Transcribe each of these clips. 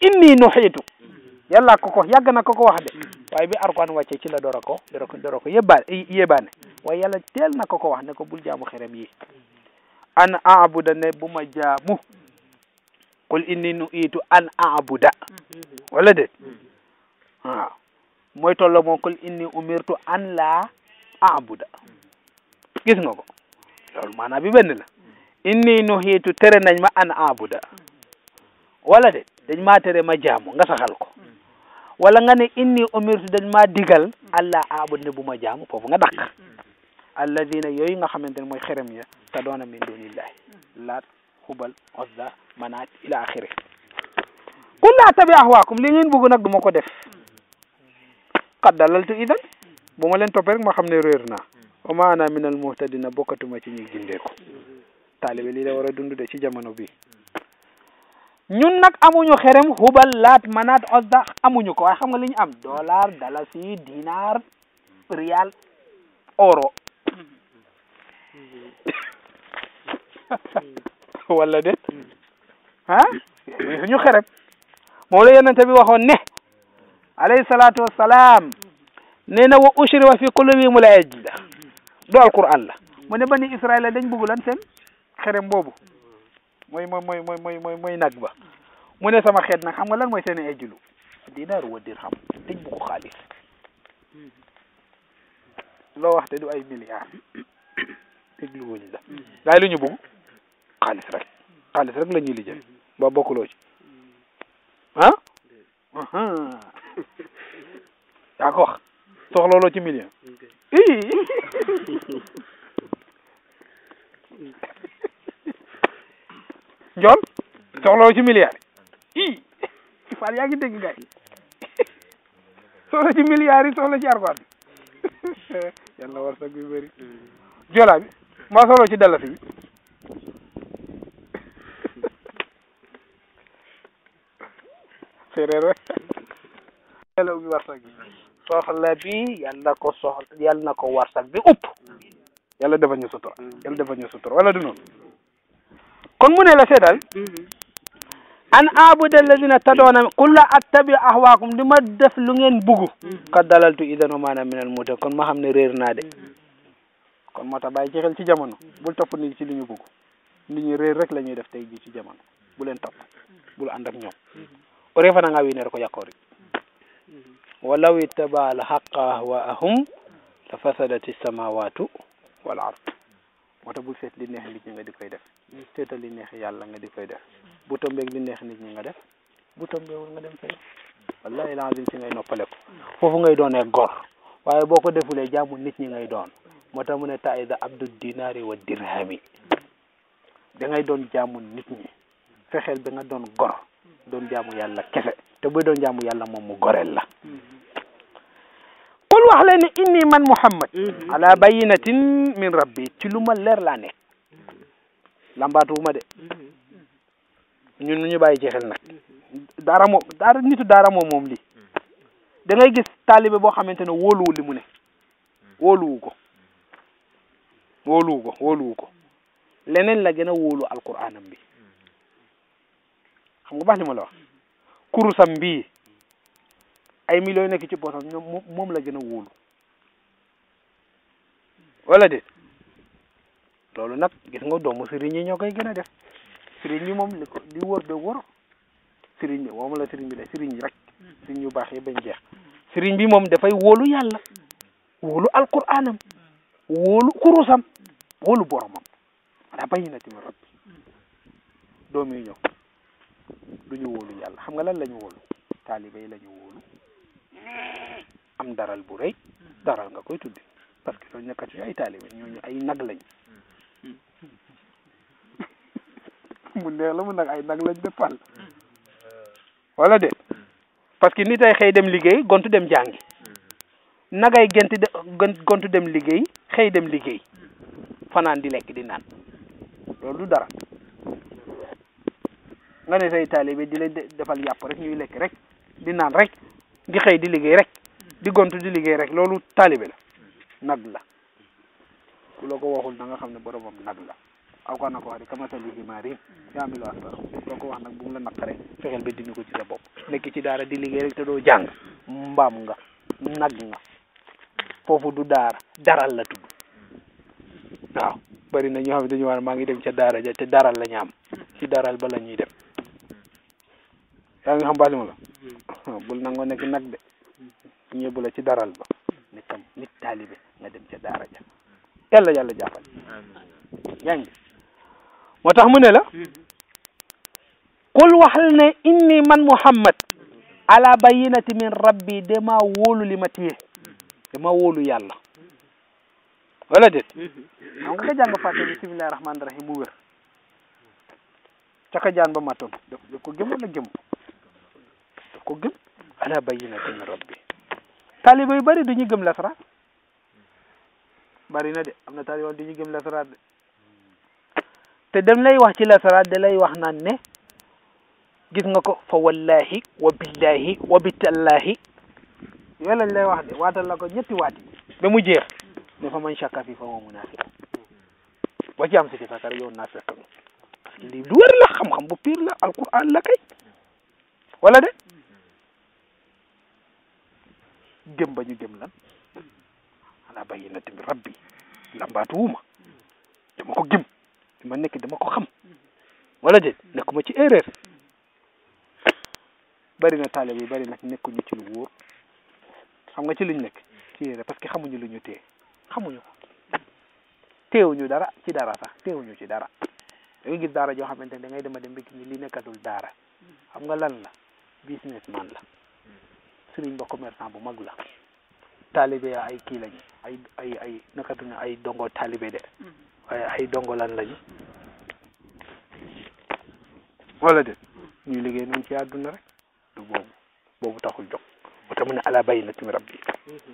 inni nuxiitu yàlla ko ko yàgg na ko ko wax de waaye bi arqan wàccee ci la door a ko door a door a ko yëbbaane yëbaane waaye yàlla teel wax ne ko bul jaamu xerem yi an aabuda ne bu ma jaamu qul inni nuiitu an aabuda wala déet waaw mooy tollo moom qul inni umirtu an laa aabuda gis nga ko loolu maanaam bi benn la inni nuhiitu tere nañ ma an aabuda wala déet dañ ma téré ma jaamu nga saxal ko wala nga ne inni umirtu dañ ma digal allah abud ne ma jaamu fofu nga dakk alladina yoy nga xamantene moy xerem ya ta doona min dunillahi lat hubal manat ila akhirah. qul la tabi ahwaakum li ngeen bëgg nak duma ko def qad idan buma len topé rek ma xamné ne wa ma ana min al muhtadina bokatuma ci ñi ko talibé li la wara dundu de ci jamono bi ñun nag amuñu xerem xubal laat manaat osda amuñu ko waaye xam nga li ñu am dollar dalasi dinar rial euro wala déet ah suñu xerem moom la yonente bi waxoon ne salaat salaatu wassalaam nee na wa ushriwa fi qulubihimul ajl do alquran la mu ne bani israila dañ bëgg lan xerem boobu mooy mooy mooy mooy mooy moy mooy nag ba mu ne sama xeet na xam nga lan mooy seen ejulu dinaar wa dirham tëj bu ko xaalis loo wax te du ay milliards déglu wuñ la gaa yi lu ñu bugg xaalis rek xaalis rek la ba bokkuloo ci ah yaa ko wax soxlooloo ci million i Ndiol soxla ci milliards yi i Fall yaa ngi dégg gars yi soxla ci milliards yi soxla ci arkoir bi yàlla war sag bi bëri joolaa bi maa soxla ci dalasi bi soxla bi yàlla na ko soxla yàlla ko war sag bi upp yàlla dafa ñu sutura yàlla dafa ñu sutura wala du noonu kon mu ne la seetal mm-hmm. an aabuda alladina tadoona qul la attabi ahwaakum di ma def lu ngeen bugg kat mm-hmm. dalaltu idan maanaam min al muuta kon ma xam ne réer naa de mm-hmm. kon moo tax bàyyi ci xel ci jamono bul topp ni ci li ñu bugg nit ñi réer rek la ñuy def tey jii ci jamono bu leen topp bul ànd ak ñoom o refananga wiineer ko yakkoori walaw ittaba al haqa ahwaahum la fasadati samawatu wal ard bul seet li neex nit ñi nga di koy def seeta li neex yàlla nga di koy def bu tombeeg li neex nit ñi nga def bu tombeewul nga dem fay wallahi lazim si ngay noppale ko foofu ngay doonee gor waaye boo ko defulee jaamu nit ñi ngay doon moo tax mu ne taida abdu dinaari wa dirhami da ngay doon jaamu nit ñi fexeel bi nga doon gor doon jaamu yàlla kese te buy doon jaamu yàlla moom mu goreel la qul wax leen ni inni man muhammad mhm. ala bayinatin min rabbi ci lu ma leer laa nekk lambatuwuma de mm-hmm. ñun nu ñu bàyyi ci xel mo mm-hmm. daara moom daara nitu daara moom moom lii mm-hmm. gis taalibe boo xamante ne wóoluwu li mu ne wóoluwu ko wóoluwu ko wóoluwu ko leneen la gën a wóolu alquraanam bi xam nga baax li ma la bii ay millions nekk ci poosam ñoom moom la gën a wóolu wala déet loolu nag gis nga doomu sëriñ yi ñoo koy gën a def sëriñ yi moom li ko li wër de wër sëriñ bi moom la sëriñ bi la sëriñ yi rek sëriñ yu baax yi bañ jeex sëriñ bi moom dafay wóolu yàlla wóolu alquraanam wóolu kurusam wóolu boromam wala bayyinatin min rabbi doom yi ñëw duñu wóolu yàlla xam nga lan lañu wóolu taaliba yi lañu wóolu am daral bu rëy daral nga koy tuddi parce que ñooñu nekkatuñu ay taaliba ñooñu ay nag lañ mu neex la mu nag ay nag lañ dëppal wala déet parce que nit ay xëy dem liggéey gontu dem jàngi nagay genti de gontu dem liggéey xëy dem liggéey fanaan di lekk di naan loolu du dara nga ne say taalibe di leen defal yàpp rek ñuy lekk rek di naan rek di xëy di liggéey rek di gont di liggéey rek loolu taalibe la nag la ku la ko waxul da nga xam ne boromam nag la aw ko na ko wax mari. sal bi maari yaamilu asfar kooku wax nag bu mu la naqare fexeel ba dindi ko ci sa bopp nekk ci daara di liggéey rek te doo jàng mbaam nga nag nga du daral la tudd waaw bari na ñoo xam dañu war maa ngi dem ca daara ja te daral la ñaam ci daral ba la ñuy dem Ya ngi xam baali ma la bul nangoo nekk nag de ñëbbu ci daral ba nit nga dem ja moo tax mu ne la kul mm-hmm. waxal ne inni man muhammad ala bayinati min rabbi dama wóolu li ma téye dama wóolu yàlla wala déet mm-hmm. xam nga ka jàng fàtte bi bismillahi rahmaani rahim bu wér caka jaan ba matoon daf ko gëm wala gëm daf ko ala bayinati min rabbi taaliba yu bëri du ñu gëm na de am na taaliba du ñu gëm lasaraat te dem lay wax ci lasaraat da lay wax naan ne gis nga ko fa wallahi wa billahi wa bitallahi yooyu lañ lay wax de waatal la ko ñetti waati ba mu jeex ne fa man shakka fi fa woo munafiq boo ci am si sakar yow nafiq bi parce que lii la xam-xam bu piir la alquran la kay wala de gëm ba ñu gëm lan ala bayyinati bi rabbi lambaatu wuma dama ko gëm fi ma nekk dama ko xam wala déet nekkuma ci erreur bari na taalibe yi bari nag nekkuñu ci nga ci luñ nekk ci erreur parce que xamuñu lu ñu téye xamuñu ko téewuñu dara ci dara sax téewuñu ci dara da ngay gis daara joo xamante ne da ngay dema dem bi ni li nekkatul daara xam nga lan la businessman la sëriñ ba commerçant bu mag la taalibe ay kii lañ ay ay ay nekkatuñu ay dongo taalibe de waaye ay dongo lañu wala de ñuy liggéey nañ ci àdduna rek du boobu boobu taxul jóg ba tamu ne ala bayyinati min rabbi mhm.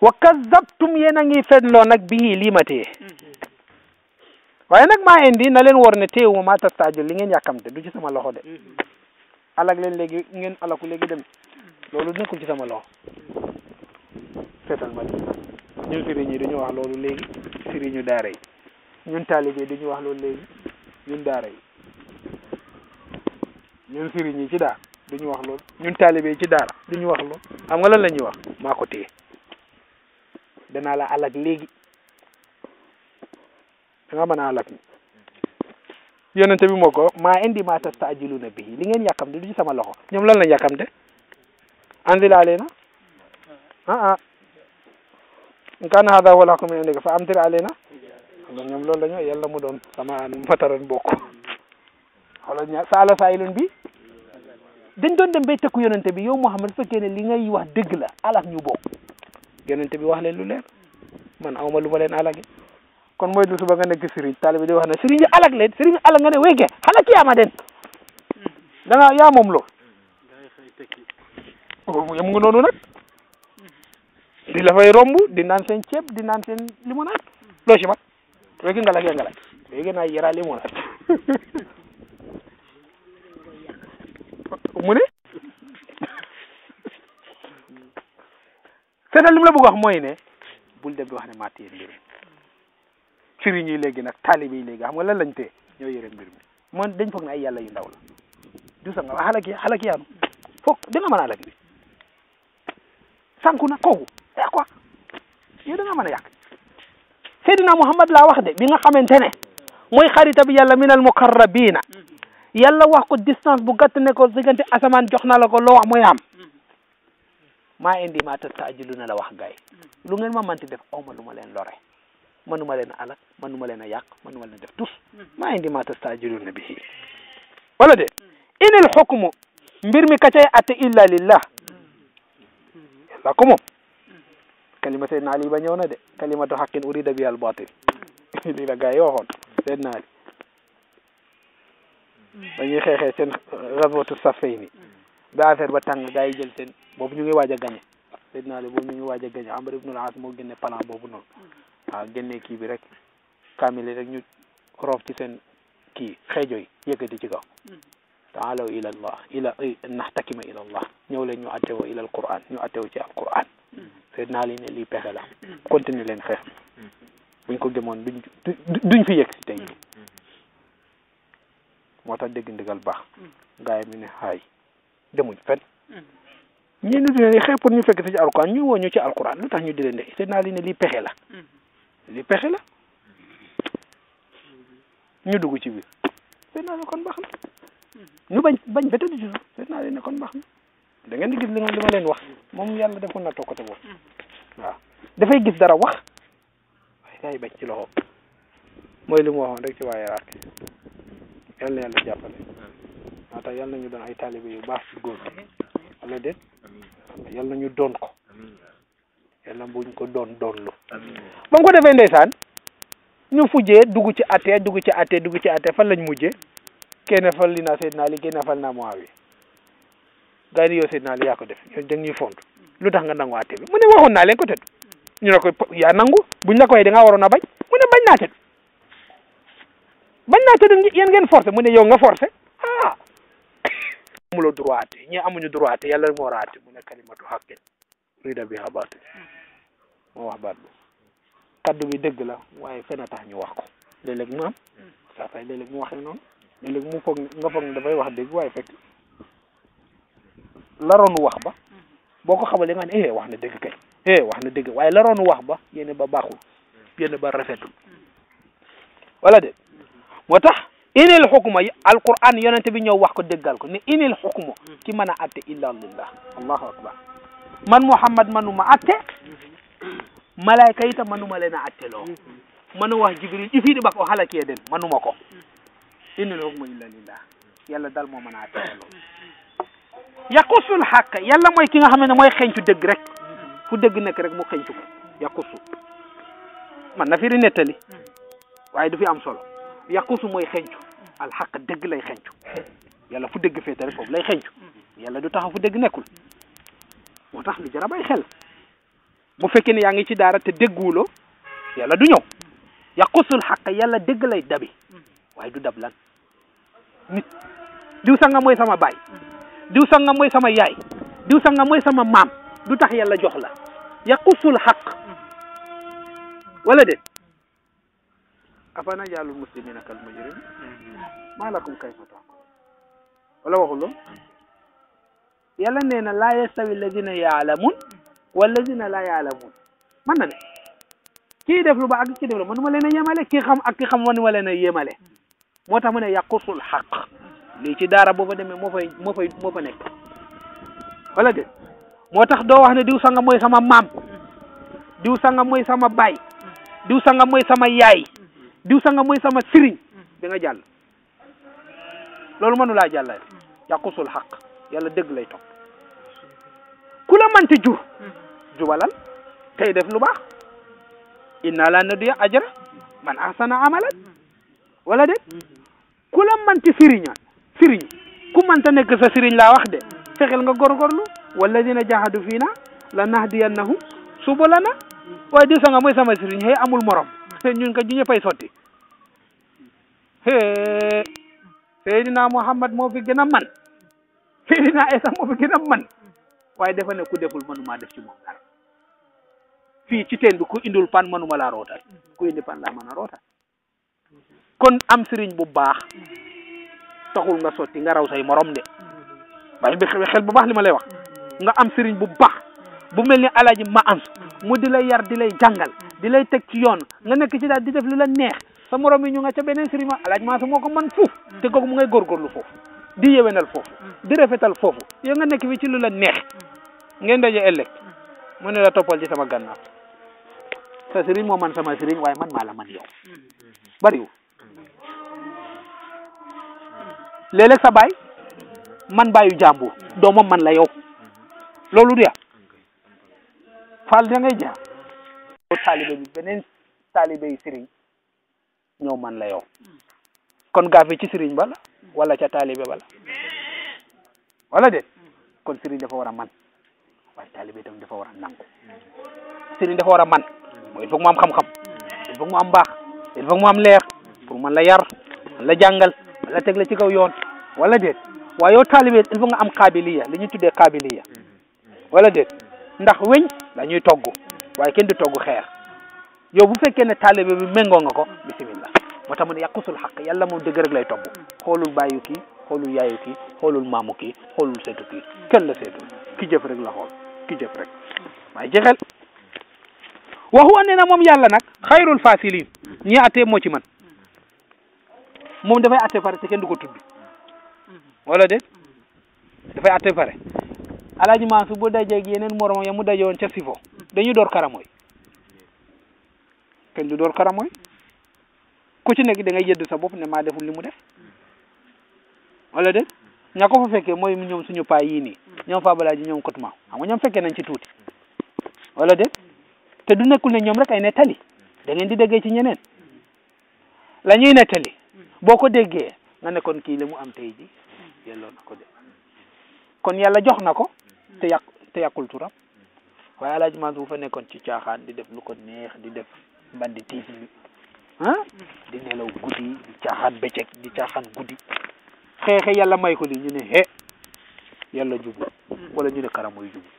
wa kazabtum yéen a ngi fenloo nag bii lii ma téye mhm. waaye nag maa na leen war ne téewuma maa tastaajul li ngeen yàkkamte du ci sama loxo de mhm. alak leen léegi ngeen alaku léegi dem loolu nekkul ci sama loxo seetal ma li ñun sëriñ yi dañu wax loolu léegi sëriñu daara yi ñun talibé dañu wax loolu léegi ñun daara yi ñun sëriñ yi ci daara duñu wax loolu ñun talibé ci daara duñu wax loolu xam nga lan la wax la alak léegi da nga mën alak yonente bi moo ko indi ma tastaajiluna bihi li ngeen yàkkamte du ci sama loxo ñoom lan lañ yàkkamte andi laa leena ah ah in hada wala ko min fa amtir alena ndax ñoom loolu la ñu yàlla mu doon sama an fataran bokk xoolal ñaar saala saayilun bi dañ doon dem bay tëkku yonente bi yow Muhammad fekkee ne li ngay wax dëgg la alak ñu bokk yonente bi wax leen lu leer man awma lu ma leen alage kon mooy lu suba nga nekk sëriñ taalibi di wax ne sëriñ bi alak leen sëriñ bi alak nga ne wéy ke xana kiyaama den da nga yaa moom loo yam nga noonu nag di la fay romb di naan seen ceeb di naan seen limonade loo ci mag ɓe ngalak e ngalak ɓeege na yerale mona mune seetal lu mu la bëgg wax mooy ne bul dem di wax ne maa téye mbir mi sëriñ yi léegi nag taalibe yi léegi xam nga lan lañ tee ñoo yore mbir mi ne ay yàlla yu ndaw la du sa nga xalaki xalaki yaanu foog danga mën a alak ni sànku na kooku eh quoi yow Seydina Muhammad laa wax de bi nga xamante ne mooy xarita bi yàlla min al mukarrabina yàlla wax ko distance bu gàtt ne ko diggante asamaan jox na la ko loo wax mooy am maa indi maa tastaajiluuna la wax gay lu ngeen ma manti def awma ma ma leen lore mënuma leen a alak mënuma leen a yàq ma leen a def tus maa indi maa tastaajiluuna bihi wala de inil xukmu mbir mi ka cay atte illa lillah yàlla ko kalima seydna ali ba ñëw na de kalimatu xaqin urida bi al batil lii la gaa yi waxoon seydna ali dañuy xeexee seen raswatu ni ba affaire ba tàng gaa yi jël seen boobu ñu ngi waaj a gañe seydna ali boobu ñu ngi waaj a gañe amar ibnul as moo génne plan boobu noonu waaw génne kii bi rek kaamil rek ñu roof ci seen kii xeejo yi ci kaw taalaw ila allah ila naxtakima ila allah ñëw leen ñu attewo ila al ñu attewo ci al te naa leen ne lii pexe la continuer leen xeex buñ ko demoon duñ duñ fi yegg si tey moo tax dégg ndigal baax gaay mi ne xaay demuñ fen ñii nu dine xeex pour ñu fekk ci alquran ñu woo ñu ci alquran lu tax ñu di leen de te naa leen ne lii pexe la lii pexe la ñu dugg ci biir seet naa ne kon baax na ñu bañ bañ ba tëdd seet naa leen ne kon baax na dangeen di gis li ma li ma leen wax moom yàlla defoon na te boobu waaw dafay gis dara wax waaye ci loxo mooy li mu waxoon rek ci waaye raak yal na yal na ñu doon ay taalibe yu baax ci góor yal na ñu doon ko yal na buñ ko doon doonlu ba mu ko defee saan ñu fujjee dugg ci atte dugg ci atte dugg ci atte fan lañ mujjee kenn fal li naa seet naa li kenn fal naa mu wi gaa yi ni yow Seydina ko def yow da ñuy fond lu tax nga nangu àtte bi mu ne waxoon naa leen ko tëdd ñu ne yaa nangu buñ la koy da ngaa waroon a bañ mu ne bañ naa tëdd bañ naa tëdd yéen ngeen forcé mu ne yow nga forcé ah amuloo droit àtte ñi yaa droit àtte yàlla moo war a àtte mu ne kalimatu xaqin rida bi xabaate moo wax baat bi kaddu bi dëgg la waaye fena tax ñu ko léeg-léeg mu am saa saa léeg-léeg mu waxee noonu léeg mu foog nga foog ne dafay wax dëgg waaye fekk laroonu wax ba boo ko xamalee nga ne eh wax na dëgg kay eh wax na dëgg waaye laroonu wax ba yéene ba baaxul yéene ba rafetul wala de moo tax inil xukuma alquran yonente bi ñëw wax ko déggal ko ne inil xukuma ki mën a atte illa lillah allahu akbar man muhammad manuma atte malayka yi tam manuma leen a atte loo manu wax jibril ifiidi ba ko halakee den manuma ko inil xukuma illa lillah yàlla dal moo mën a atte loo yaqusul xàq yàlla mooy ki nga xam ne mooy xeeñtu dëgg rek fu dëgg nekk rek mu xeeñtu ko yaqusu man na firi nettali waaye du fi am solo yaqusu mooy xeeñtu alxaq dëgg lay xeeñtu yàlla fu dëgg féete rek foofu lay xeeñtu yàlla du taxaw fu dëgg nekkul moo tax lu jar a bàyyi xel bu fekkee ne yaa ngi ci daara te dégguwuloo yàlla du ñëw yaqusul xàq yàlla dëgg lay dabi waaye du dab lan nit diw sama baay diw sangam mooy sama yaay diw sangam mooy sama maam du tax yàlla jox la yaqusul xaq wala déet afa najaalul muslimina kal mujrim maa lakum kayfa taxkum wala waxuloo yàlla nee na laa yastawi alladina yaalamun walladina laa yaalamun mën na ne kii def lu ba ak kii def lu mënuma leen a yemale kii xam ak kii xam mënuma leen a yemale moo tax mu ne yaqusul xaq lii ci daara boo fa demee moo fay moo fay moo fa nekk wala de moo tax doo wax ne diw sangam mooy sama maam diw sangam mooy sama baay diw sangam mooy sama yaay diw sangam moy sama sëriñ danga jàll loolu mënu laa jàllale yaqusul xaq yàlla dëgg lay topp ku la mënti jur jubalal tey def lu baax inna laa nadiya ajra man ahsana amalan wala de ku la mënti sëriña sëriñ ku ta nekk sa sëriñ laa wax de fexeel nga góorgóorlu walladina jahadu fiina la nahdiyannahum subulana waaye di sanga mooy sama sëriñ xëy amul morom ñun ko ñu ñëppay sotti hee Seydina Muhammad moo fi gën a man Seydina moo fi gën a man waaye dafa ne ku deful mënumaa def ci moom dara fii ci teen bi ku indul pan mënuma laa rootal ku indi pan laa mën a rootal kon am sëriñ bu baax taxul nga sotti nga raw say morom de bay mm-hmm. bi xel bu baax li ma lay wax mm-hmm. nga am serigne bu baax bu melni ni ma am mu di lay yar di lay jàngal di lay teg ci yoon nga nek ci dal di def lula neex sa morom yi ñu nga ca serigne sëriñ ma alaaj ko man fuf mm-hmm. te gog mu ngay lu fuf di yewenal fuf di rafetal fuf ya nga nek fi ci lula neex ngeen daje elek mu ne la topal ci sama ganna sa serigne mo man sama serigne waaye man mala man yow wu léeg-léeg sa baay man baayu jàmbur doomam man la yow loolu du faal da ngay jeex taalibe bi beneen taalibe yi sëriñ ñoo man la yow kon gaafe ci sëriñ bala walla wala ca taalibe ba la wala de kon sëriñ dafa war a man waaye taalibe itam dafa war a nangu sëriñ dafa war a man il faut mu am xam-xam il faut mu am il faut mu leer pour man la yar man la jàngal la teg la ci kaw yoon wala déet waaye yow taalibe il faut nga am kaabiliya li ñuy tuddee kaabiliya wala déet ndax weñ dañuy togg waaye kenn di togg xeer yow bu fekkee ne taalibe bi méngoo nga ko bismillah moo tax mu ne yàqusul xaq yàlla moom dëgg rek lay togg xoolul bàyyu ki xoolul yaayu ki xoolul maamu ki xoolul seetu kii kenn la seetu ki jëf rek la xool ki jëf rek waaye jexel waxu wane na moom yàlla nag xayrul fasilin ñi atee moo ci man moom dafay atte pare te kenn du ko tudd wala déet dafay atte pare alaaji Mansour bu dajeeg yeneen morom ya mu dajewoon ca sifo dañuy door karamoy kenn du door karamoy ku ci nekk da ngay yëdd sa bopp ne maa deful li mu def wala déet ña ko fa fekkee mooy ñoom suñu paa yii nii ñoom Fabalaaji ñoom Kotuma xam nga ñoom fekkee nañ ci tuuti wala déet te du nekkul ne ñoom rek ay nettali da ngeen di déggee ci ñeneen la ñuy nettali boo ko déggee nga ne kon kii la mu am tey ji yelloo na ko de kon yàlla jox na ko te yàq turam waaye alaaj Mansour bu fa nekkoon ci caaxaan di def lu ko neex di def banditisme ah di nelaw guddi di caaxaan bëccëg di caaxaan guddi xeexe yàlla may ko li ñu ne he yàlla jubul wala ñu ne karamoy jubul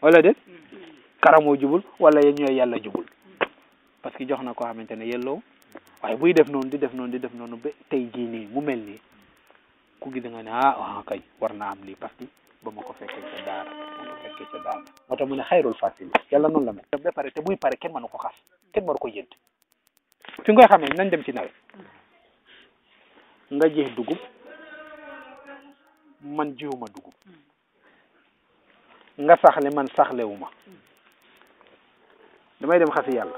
walla déet karamoo jubul wala yéen ñooy yàlla jubul parce que jox na ko xamante ne yelloo waaye buy def noonu di def noonu di def noonu ba tey jii nii mu mel nii ku gi nga ne ah, ah kay war naa am lii parce que ba ma ko fekkee ca daara ba ma ko fekkee ca daara yàlla noonu la mel ba pare te buy pare kenn mënu ko xas kenn waru ko yënt fi nga xamee nañ dem ci nawet nga jeex dugub man jiwuma dugub nga saxle man saxlewuma damay dem xasi yàlla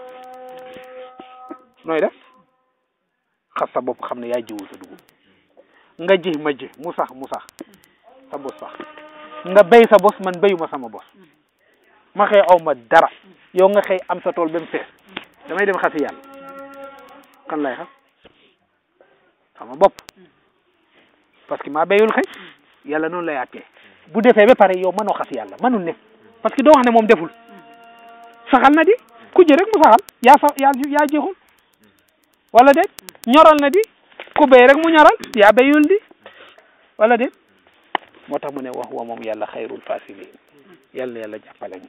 nooy def xas sa bopp xam ne yaa jiwul sa dugub nga ji ma ji mu sax mu sax sa bos sax nga béy sa bos man béyuma sama bos ma xëy aw ma dara yow nga xëy am sa tool ba mu fees damay dem xasi yàlla kan lay xas sama bopp parce que maa béyul xëy yàlla noonu lay àttee bu defee ba pare yow mënoo xas yàlla mënul ne parce que doo wax ne moom deful saxal na di ku ji rek mu saxal yaa sa yaa yaa jeexul wala déet ñoral na di ku rek mu ñoral yaa béyul di wala déet moo tax mu ne wax wa moom yàlla xayrul fasilin yàlla yàlla jàppale ñu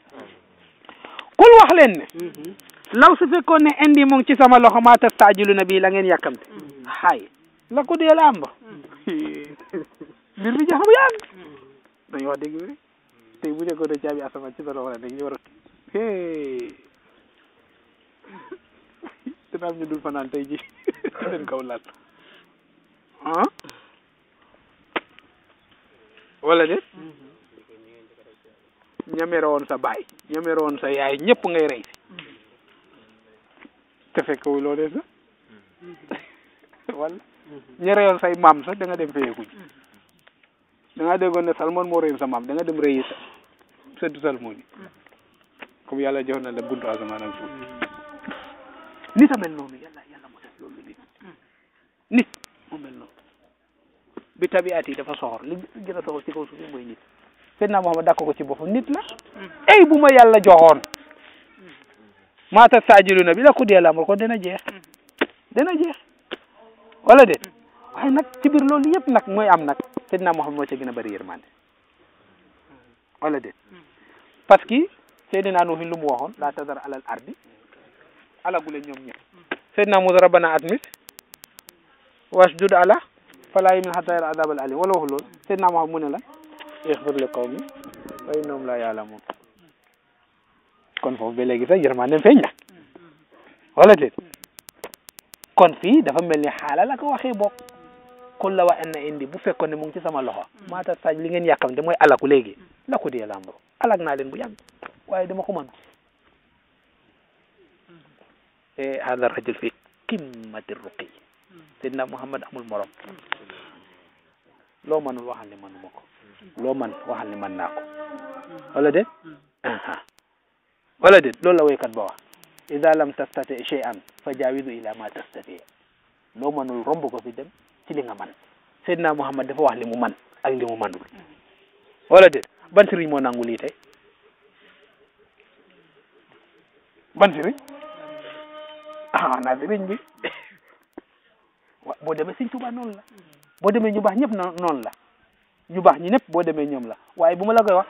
kul wax leen ne mhm. law su ne indi mu ngi ci sama loxo maa tastaajilu na bii la ngeen yàkkamte xaay mhm. la ko deel am ba mhm. mbir mi jeex bu yàgg dañu wax dëgg rek tey bu nekkoon ne caabi asamaan ci sa loxo la dina am ñu dul tey ji seen kaw laal ah wala de ñamere woon sa baay ñamere woon sa yaay ñëpp ngay rey te fekkewu loolee sax wala ña reyoon say maam sax da nga dem feyeku ji da nga déggoon salmon moo sa mam da nga dem reyi sa sëddu salmon yi comme yàlla jox na la buntu asamaan nit a hmm. mel noonu bi tabiat yi dafa soxor li gën a soxor ci kaw suuf mooy nit Seydina Muhammad dakk ko ci boppa nit na ay hmm. bu ma yàlla joxoon hmm. maata saajilu na bi la ku dee la ko dana jeex dana jeex wala déet waaye nag ci biir loolu yëpp nag mooy am nag Seydina Muhammad moo ca gën a bëri yërmande wala déet parce que Seydina Nuuhin lu mu waxoon laa tadar alal ardi alagule ñoom ñëpp seydina Muusa rabbana atmis wasjud ala fala yumin hatta adabal alim wala waxu loolu seydina Muhammad mu ne la ixfir li qawmi fa innahum la yaalamun kon foofu ba dafa mel ni xaala la ko waxee bokk kul la wa indi bu fekkoon ne mu ci sama loxo ma saaj li ngeen yàkkamte mooy alaku léegi la ko dee lambro alak naa leen bu yàgg waaye dama hada rajul fi kimmati ruqi na Muhammad amul morom loo man waxal ni manuma ko loo man waxal ni man naa ko wala déet wala déet loolu la woykat ba wax ida lam tastati shay'an fa jaawidu ila ma tastati loo manul romb ko fi dem ci li nga man Muhammad dafa wax li mu man ak li mu manul wala déet ban sëriñ xanaa ah, sëriñ bi wa boo demee si Tuubaa noonu la boo demee ñu baax ñëpp noonu la ñu baax ñi ñëpp boo demee ñoom la waaye bu ma la koy wax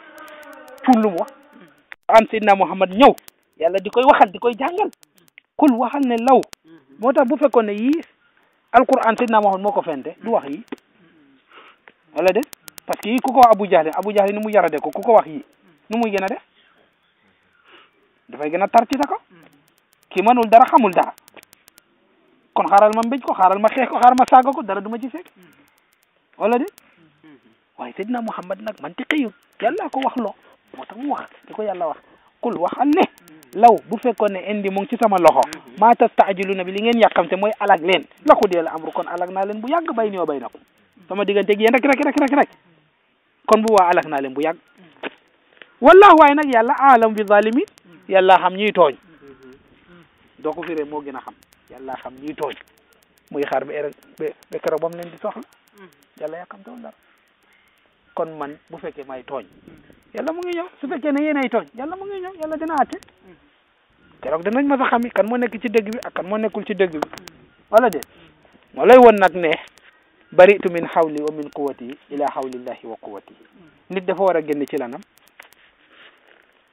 pour lu mu wax an Seydina Muhammad ñëw yàlla di koy waxal di koy jàngal kul waxal ne law moo tax bu fekkoon ne yii alquran na Muhammad moo ko fente du wax yi wala de parce que yi ku ko wax Abu Jahl Abu Jahl ni mu yarade ko ku ko wax yi nu muy gën a def dafay gën a tar ci ko ki mënul dara xamul dara kon xaaral ma mbéj ko xaaral ma xeex ko xaaral ma saaga ko dara du ma ci fekk wala de waaye Seydina Muhammad nag man ti xëyul yàlla ko wax lo moo tax mu wax di ko yàlla wax kul waxal ne law bu fekkoon ne indi mu ngi ci sama loxo maa tastaajiluuna bi li ngeen yàqamte mooy alag leen la ko dee la kon alag naa leen bu yàgg bay nioo bay na ko sama diggante gi yéen rek rek rek rek kon bu waa alag naa leen bu yàgg wallahu waaye nag bi zalimin yàlla xam ñiy doo ko firee moo gën a xam yàlla xam ñuy tooñ muy xaar ba ere bi keroog ba mu leen di soxla mm-hmm. yàlla yàkkamtewul dara kon man bu fekkee may tooñ mm-hmm. yàlla mu ngi ñëw su fekkee ne yéenay tooñ yàlla mu ngi ñëw yàlla dina àtte mm-hmm. keroog danañ ma sa xam kan moo nekk ci dëgg bi ak kan moo nekkul ci dëgg bi wala de moo lay woon nag ne baritu min xawli wa min quwati ila xawlillahi wa quwati nit dafa war a génn ci lanam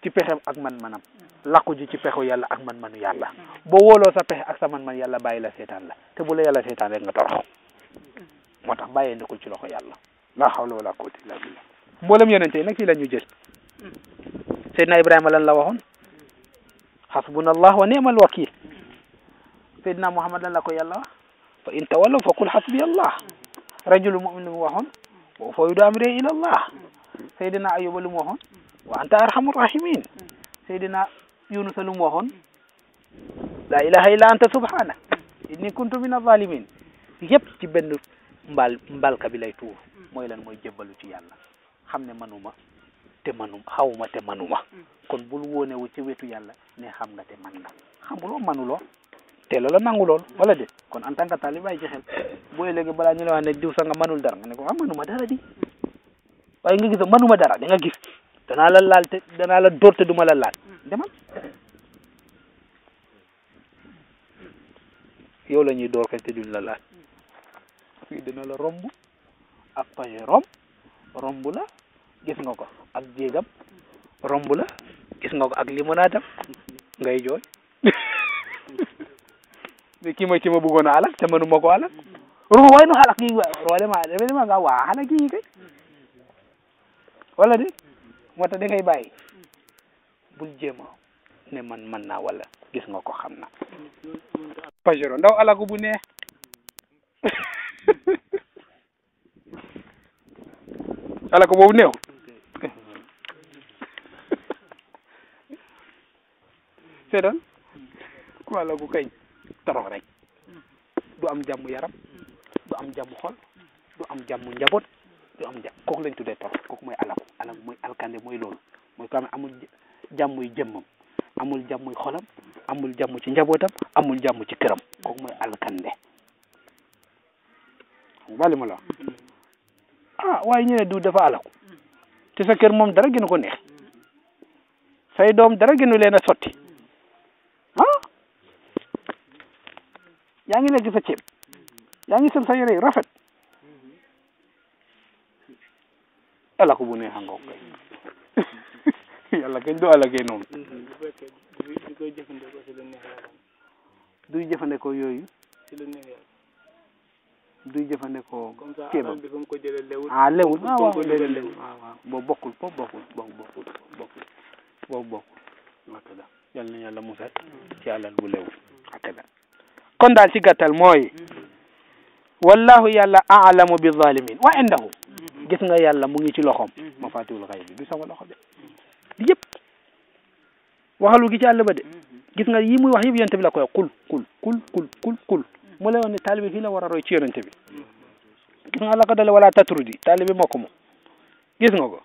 ci pexem ak man-manam mm. làqu ji ci pexu yàlla ak man-manu yàlla mm. boo wóoloo sa pexe ak sa man-man yàlla bàyyi la seetaan la te bu la yàlla seetaan rek nga torox mm. moo tax bàyyee ndi ko ci loxo yàlla laa hawla wala quwwata illa billah mboolem yonente nag ci la ñu jël Seydina Ibrahima lan la waxoon hasbuna allah wa ni'mal wakil Seydina Muhammad lan la ko yàlla wax fa in tawallaw fa qul hasbi allah mu'min lu mu waxoon wa fawwidu amri ila allah Seydina Ayuba lu wa anta arhamu rahimin seydina yunusa lu mu waxoon la ilaha illa anta subhana inni kuntu min azalimin yëpp ci benn mbaal mbalka bi lay tuur mooy lan mooy jëbbalu ci yàlla xam ne manuma te manuma xawuma te manuma kon bul wóonewu ci wetu yàlla ne xam nga te man nga xamuloo manuloo te la nangu lool wala de kon en tant que talib bàyyi ci xel booy léegi balaa ñu la wax ne diw sa nga manul dara nga ne ko ah manuma dara di waaye nga gis manuma dara di nga danaa la laal te danaa la dóor laal demal yow la ñuy door kañ te la laal fii dina la romb ak paje romb gis nga ko ak jéegam romb la gis nga ko ak limonaatam ngay jooy mais kii mooy ki ma bëggoon a alak ko alak ruux way nu alak yi ma rewele ma nga waa xana kii kay wala de moo tax da ngay bàyyi bul jéema ne man mën na wala gis nga ko xam na pajero ndaw alagu bu neex alagu bu néew seetaan ku alagu kañ torox rek du am jàmm yaram du am jàmm xol du am jàmm njaboot du am ja kooku lañ tuddee torox kooku mooy alaku alaku mooy alkande mooy loolu mooy ko am amul jàmmuy jëmmam amul jàmmuy xolam amul jàmm ci njabootam amul jàmm ci këram kooku mooy alkande wàlli ma la ah waaye ñu ne du dafa alaku te sa kër moom dara gënu ko neex say doom dara gënu leen a sotti ah yaa ngi lekk sa ceeb yaa ngi rafet alaku bu neex a ngoog kay yàlla kañ doo alakee noonu duy jëfandikoo yooyu duy jëfandikoo ceebam ah lewul ah waaw lewul ah, waaw boo bokkul boo bokkul boo bokkul bokkul boo bokkul hakada yal na yàlla musal ci alal bu lewul hakada kon daal ci gàttal mooy wallahu yàlla aalamu bi zalimin wa indahu gis nga yàlla mu ngi ci loxom ma fàttiwul xay bi du sama loxo de bi yëpp waxalu gi ci àll ba de gis nga yi muy wax yëpp yonent bi la koy kul kul kul kul kul kul mu lay wax ne taalibe fii la war a roy ci yonent bi gis nga la ko dale wala tatrudi taalibe moo ko gis nga ko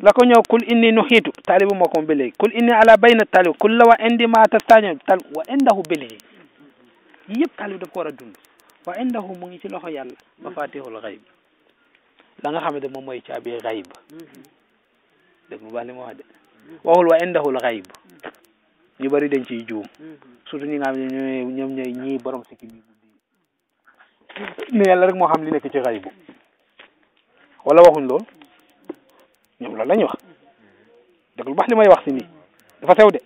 la ko ñëw kul inni nu xiitu taalibe moo ko ba léegi kul inni ala bayna talib kul la wa indi ma tastaño tal wa indahu ba léegi yi yëpp talib daf ko war a dund wa indahu mu ngi ci loxo yàlla ma mafatihul xayb la nga xamante moom mooy caabi xayb mm-hmm. dégg mu baax li ma wax waxul wa indahul xayb ñu bari dañ ciy juum mm-hmm. surtout ñi nga xam ne ñooy ñoom ñooy ñii borom sikki bi ne yàlla rek moo xam li nekk ci xayb wala waxuñ lool ñoom loolu lañu wax dégg lu baax li wax si nii dafa sew de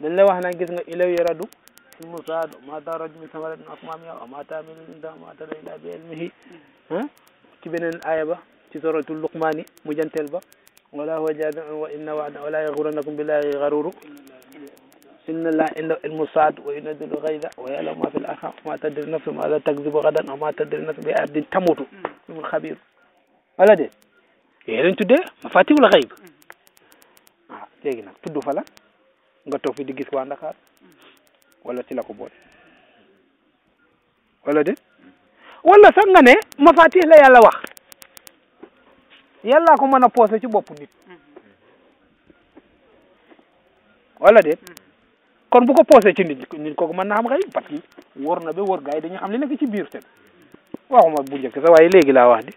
dañ wax nag gis nga ilaw yaradu mu saadu ma taa rajul min samaratin akmaamiha wa ma taa min inda ma taa ila bi ilmihi ci benen aya ba ci suratu luqman mu jantel ba wala huwa jaamiu wa inna wa'da wala yaxurannakum billahi garuru inna laa inda ilmu saad wa yunazzilu lgayda wa ya'lamu ma fi l-arham ma tadri nafsu ma la takzibu gadan wa ma tadri nafsu bi ardin tamutu ilmu xabir wala de yooyu lañ tuddee mafatihul xayb waaw léegi nag tudd fa nga tok fi di gis wa ndakar wala ci la ko boole wala de wala sax nga ne mafatih la yàlla wax yàllaa ko mën a poosé ci bopp nit wala déet kon bu ko poosé ci nit nit kooku mën na xam xëy parce que wóor na ba wóor gars yi dañu xam li nekk ci biir te waxuma bu njëkk sax waaye léegi laa wax di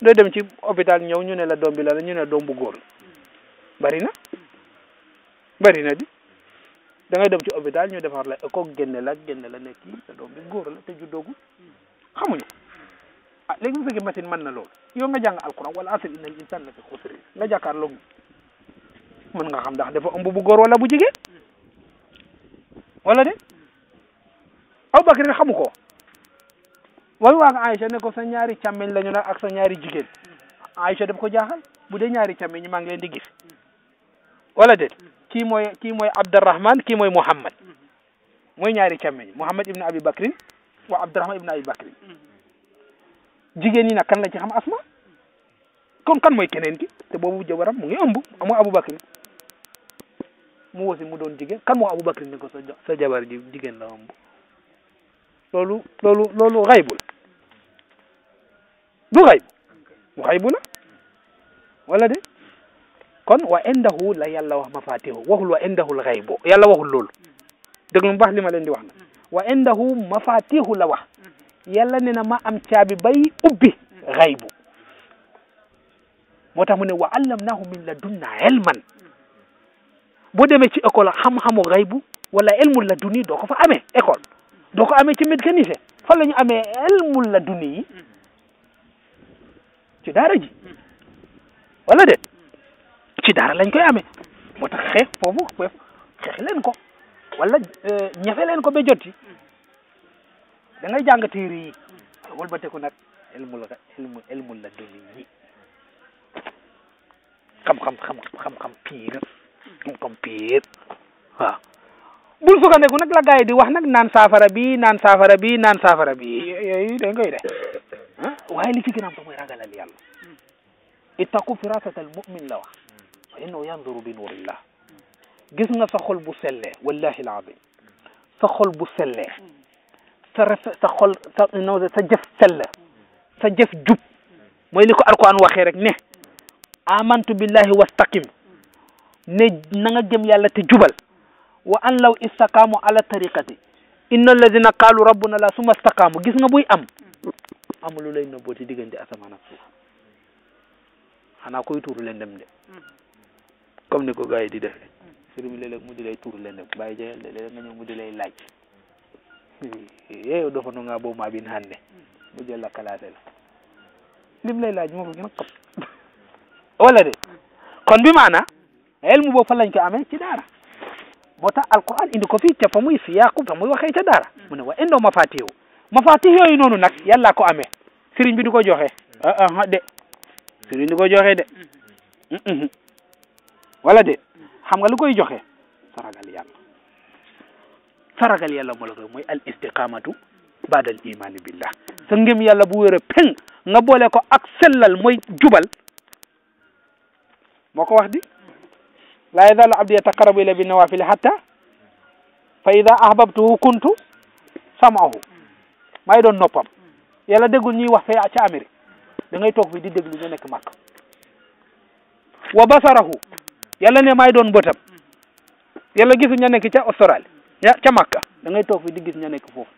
dooy dem ci hôpital ñëw ñu ne la doom bi la la ñu ne doom bu góor bari na bari na di da ngay dem ci hôpital ñu defar la écho génne la génne la nekk bi góor la te juddoogul xamuñu ko ah léegi bu fekkee machine mën na loolu yow nga jàng alquran wala asr inna al insana la fi xusr nga jàkkaarloog mën nga xam ndax dafa ëmb bu góor wala bu jigéen wala de Abubakar xamu ko wayu waag Aïcha ne ko sa ñaari càmmeñ la ñu ak sa ñaari jigéen Aïcha daf ko jaaxal bu dee ñaari càmmeñ ñi maa ngi leen di gis wala de kii mooy kii mooy Abdurrahman kii mooy Muhammad mooy ñaari càmmeñ Muhammad ibnu Abi waa Abdurahman ibn Abi Bakri jigéen ñi nag kan la ci xam asma kon kan mooy keneen ki te boobu jabaram mu ngi ëmb mooy Aboubacry mu wasi mu doon jigéen kan moo Aboubacry ne ko sa sa jabar ji jigéen la ëmb loolu loolu loolu xaybu du xaybu mu wala de kon wa indahu la yàlla wax mafaatihu waxul wa indahul xaybu yàlla waxul loolu déglu mu baax li ma leen di wax wa indahu mafatihu la wax yàlla ne na ma am caabi bay ubbi xaybu moo tax mu ne wa allamnahu la ladunna ilman boo demee ci école xam-xamu xaybu wala la laduni doo ko fa amee école doo ko amee ci mécanicien fan la ñu amee ilmul laduni yi ci daara ji wala de ci daara lañ koy amee moo tax xeex foofu xeex leen ko wala eh, ñafe leen ko ba jotti da ngay jàng téere yi walbateku nag ilmu la ilmu ilmu la duni yi xam-xam xam xam-xam piir xam-xam piir bul sukkandiku nag la gars yi di wax nag naan saafara bi naan saafara bi naan saafara bi yooyu dañ koy de waaye li ci gën a am ta mooy ragalal yàlla ittaqu firasata al mumin la wax fa innahu yanduru bi nurillah gis nga sa xol bu sellee wallahi alazim sa xol bu sellee sa rafet sa sa non sa jëf sa jëf jub mooy ni ko alquran waxee rek ne amantu billahi wastaqim ne na nga jëm yàlla te jubal wa an law istaqaamu ala tariqati inna alladina qaalu rabbuna la suma staqaamu gis nga buy am amul lu lay nëbboo ci diggante asamaan ak suuf xanaa koy tuuru leen dem de comme ni ko gars di defee sëriñ bi mu di lay tuur lëndëm bàyyi jël léeg-léeg nga ñëw mu di lay laaj yeeyo dofanu nga bo ma bin hande mu jël la kalaate la lim lay laaj mo ko gën a xam kon bi maana elmu boobu fan lañ ko amee ci daara moo tax alquran indi ko fii ca fa muy siyaaqu fa muy waxee ca daara mu ne wa indoo mafatih mafatih yooyu noonu nag yàlla ko amee sëriñ bi di ko joxe ah ah de sëriñ du ko joxe de wala de xam nga lu koy joxe saragal yàlla saragal yàlla moo la koy mooy al istiqamatu baadal imaani billah sa ngëm yàlla bu wér a nga boole ko ak sellal mooy jubal moo ko wax di laa yazaalu abdi yataqarrabu ila bi nawafili hatta fa ida ahbabtuhu kuntu samahu maay doon noppam yàlla déggul ñuy wax fee ca Amérique da ngay toog fii di déglu ñu nekk màkk wa basarahu yàlla ne maay doon bëtam yàlla gisu ña nekk ca Australie ya ca Makka da ngay toog fi di gis ña nekk foofu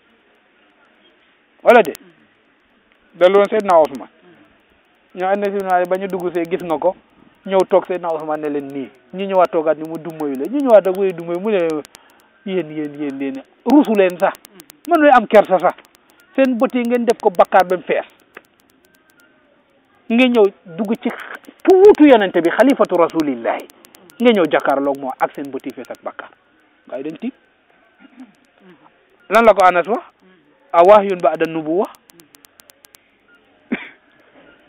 wala de dellu woon Seydina Ousmane ñoo ànd na ba ñu dugg see gis nga ko ñëw toog Seydina Ousmane ne leen nii ñu ñëwaat toogaat ni mu dummayu la ñu ñëwaat ak wéy dummayu mu ne yéen yéen yéen yéen ruusu leen sax mën lay am kersa sax seen bët yi ngeen def ko bakkaar ba mu fees nga ñëw dugg ci tuutu yonente bi xalifatu rasulillahi nga ñëw jàkkaarloog moo ak seen bëti fees ak bàkkaar gars yi dañ tiit lan la ko anas wax a wahyun ba'da nubuwa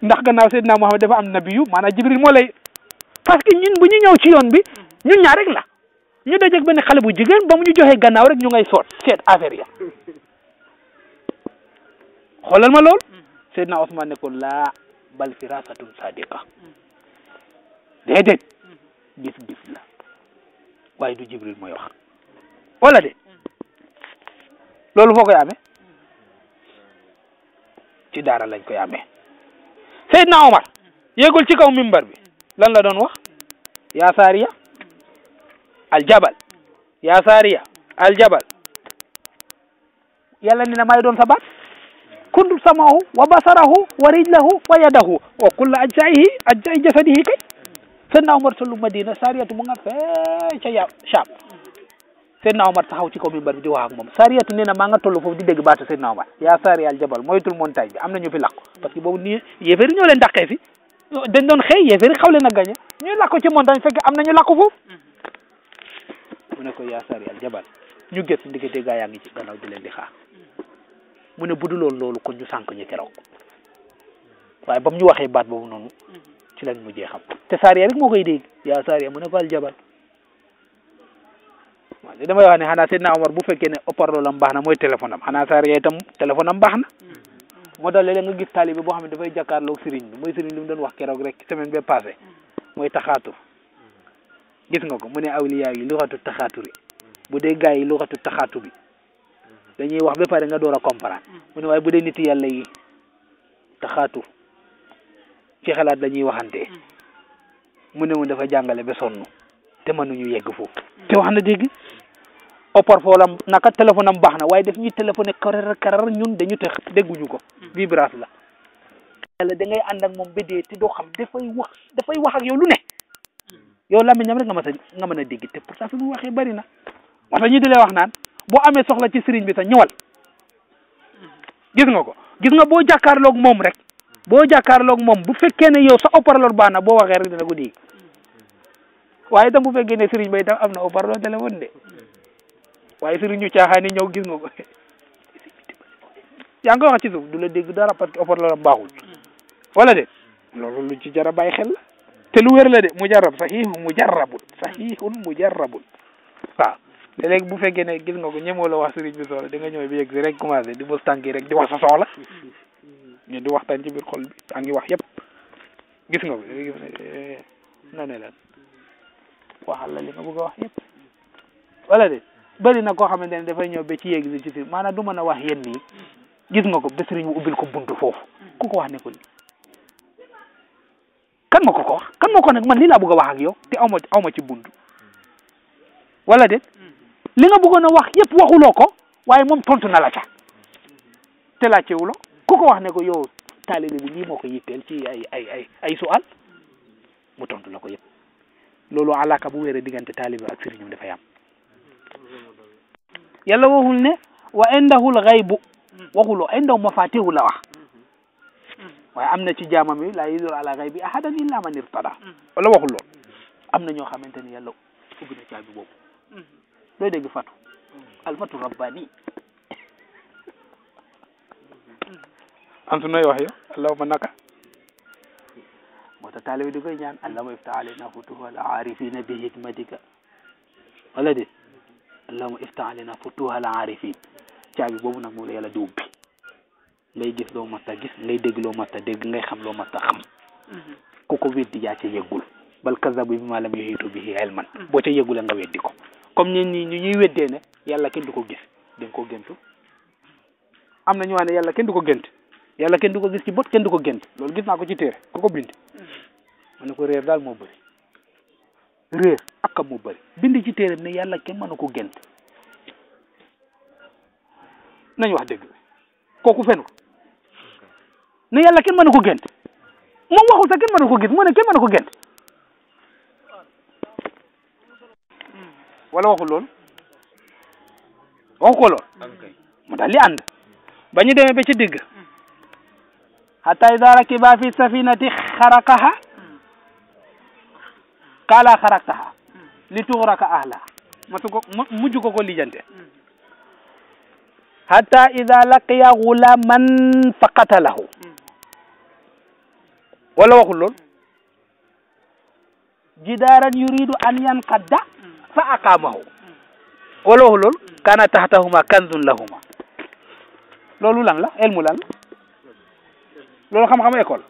ndax gannaaw Seydina Muhammad dafa am nabiyu maanaam Jibril moo lay parce que bu ñu ñëw ci yoon bi ñun ñaar rek la ñu dajeeg benn xale bu jigéen ba mu ñu joxee gannaaw rek ñu ngay soot seet affaire ya ma lool Seydina Ousmane ne ko laa bal firasatun sadiqa déedéet gis-gis la waaye du jibril mooy wax wala de loolu foo koy ame ci daara lañ koy amee Seydina Omar yéegul ci kaw mimbar bi lan la doon wax yaa saariya aljabal yaa saariya aljabal yàlla ni na may doon sa baat kundu samahu wa basarahu wa rijlahu wa yadahu wa kulla ajjaihi ajjai jasadihi kay Seydina Omar sallu Madina Sariyatu mu nga fee ca ya Sham Seydina Omar taxaw ci kaw minbar bi di wax moom Sariyatu nee na maa nga toll di dégg baatu Seydina Omar yaa Sariyal jabal moytul montagne bi am na ñu fi làqu parce que boobu nii yéeféeri ñoo leen dàqee fi dañ doon xëy yéeféeri a gañe ñuy làqu ci montagne fekk am na ñu làqu foofu mu ne ko yaa Sariyal jabal ñu gës diggante gaa yaa ngi ci gannaaw di leen di xaar mu ne bu lool loolu ko ñu sànq ñu keroog waaye ba mu ñu waxee baat boobu noonu ci lañ mujjee te saariya rek moo koy dégg yaa saariya mu ne fal jabal waaw li damay wax ne xanaa Seydina Omar bu fekke ne haut-parleur am baax na mooy téléphone am xanaa saariya itam téléphone baax na moo tax léeg-léeg nga gis taalibe boo xam ne dafay jàkkaarloog sëriñ bi mooy sëriñ li mu doon wax keroog rek semaine bee passé mooy taxaatu gis nga ko mu ne awliya yi luxatu taxaaturi bu dee gars yi luxatu taxaatu bi dañuy wax ba pare nga door a comprendre ci xalaat la ñuy waxante mm. mu ne mu dafa jàngale ba sonn te mënuñu yegg foofu mm. te wax na dégg opor la naka téléphone am baax na waaye def ñuy téléphoné karar karar ñun dañu tëx dégguñu ko mm. vibrance la yàlla da ngay ànd ak moom ba dee te doo xam dafay wax dafay wax yow lu ne yow làmmiñam rek nga mën a nga mën a dégg te pourtant fi mu waxee bari na moo tax ñu di wax naan boo amee soxla ci sëriñ bi sax ñëwal gis nga ko gis nga boo jàkkaarloog moom rek boo jàkkaarloog moom bu fekkee ne yow sa haut baana baax na boo waxee rek dina waaye itam bu fekkee ne Serigne Bay tam am na haut-parleur téléphone de waaye Serigne ñu caaxaan yi ñëw gis nga ko yaa wax ci suuf du la dégg dara parce que haut-parleur am baaxul wala de loolu lu ci jar bàyyi xel te lu wér la de mujarrab sahihun mujarrabun sahihun mujarrabun waaw te léegi bu fekkee ne gis nga ko ñemoo la wax Serigne bi soxla di nga ñëw bi yegg si rek commencé di mos tànk yi rek di wax sa soxla ñu di waxtaan ci biir xol bi wax yëpp gis nga ko na eh, ne leen waxal la li nga bëgg a wax yëpp wala de bëri na koo xamante ne dafay ñëw ba ci yéeg si du mën a wax yenn gis nga ko bés ñu ubbil ko buntu foofu ku wax ne ko kan ma ko ko wax kan ma ko nag man lii laa wax ak yow te aw ma aw ci buntu wala de li nga bëggoon a wax yëpp waxuloo ko waaye moom tontu na la ca te laajtewuloo ku ko wax ne ko yow taalibe bi lii moo ko yitteel ci ay ay ay ay sual mu tontu la ko yëpp loolu alaaka bu wéeree diggante taalibe ak sëriñam dafay am yàlla waxul ne wa indahul xaybu waxuloo indahu mafatihul la wax waaye am na ci jaamam yi laa yudul ala xaybi ahadan illa man irtada wala waxul lool am na ñoo xamante ni yàlla ubbi na caabi boobu looy dégg fatu alfatu rabbani Ansu nooy wax yow allahuma naka. moo tax taalibe di koy ñaan allahuma iftah alayna futuha al aarifina bi hikmatika wala déet allahuma iftah alayna futuha al aarifin caabi boobu nag moom la yàlla di ubbi ngay gis loo mat a gis ngay dégg loo mat a dégg ngay xam loo mat a xam. ku ko weddi yaa ca yeggul bal kazabu bi maa lam yuhiitu bihi ilman boo ca yeggule nga weddi ko comme ñu ñuy weddee ne yàlla kenn du ko gis dañ ko géntu am na ñu wax ne yàlla kenn yàlla kenn du ko gis ci bët kenn du ko gént loolu gis naa ko ci téere ku ko bind ma ko réer daal moo bëri réer ak kam bind ci téere ne yàlla kenn mënu ko gént nañ wax dëgg kooku fenul ne yàlla kenn mënu ko gént moom waxul sax kenn ko gis mu ne ken mënu ko gént wala waxul loolu waxu ko loolu mu daal di ànd ba ñu demee ba ca حتى إذا ركبا في السفينة خرقها قال خرقتها لتغرق أهلها mujj ko ko lijante hatta ida laqiya gulaman fa qatalahu wala waxul lool jidaaran yuridu an yanqadda fa aqamahu wala waxul lool kana taxtahuma kanzun lahuma loolu lan la elmu lan la loolu xam-xamu école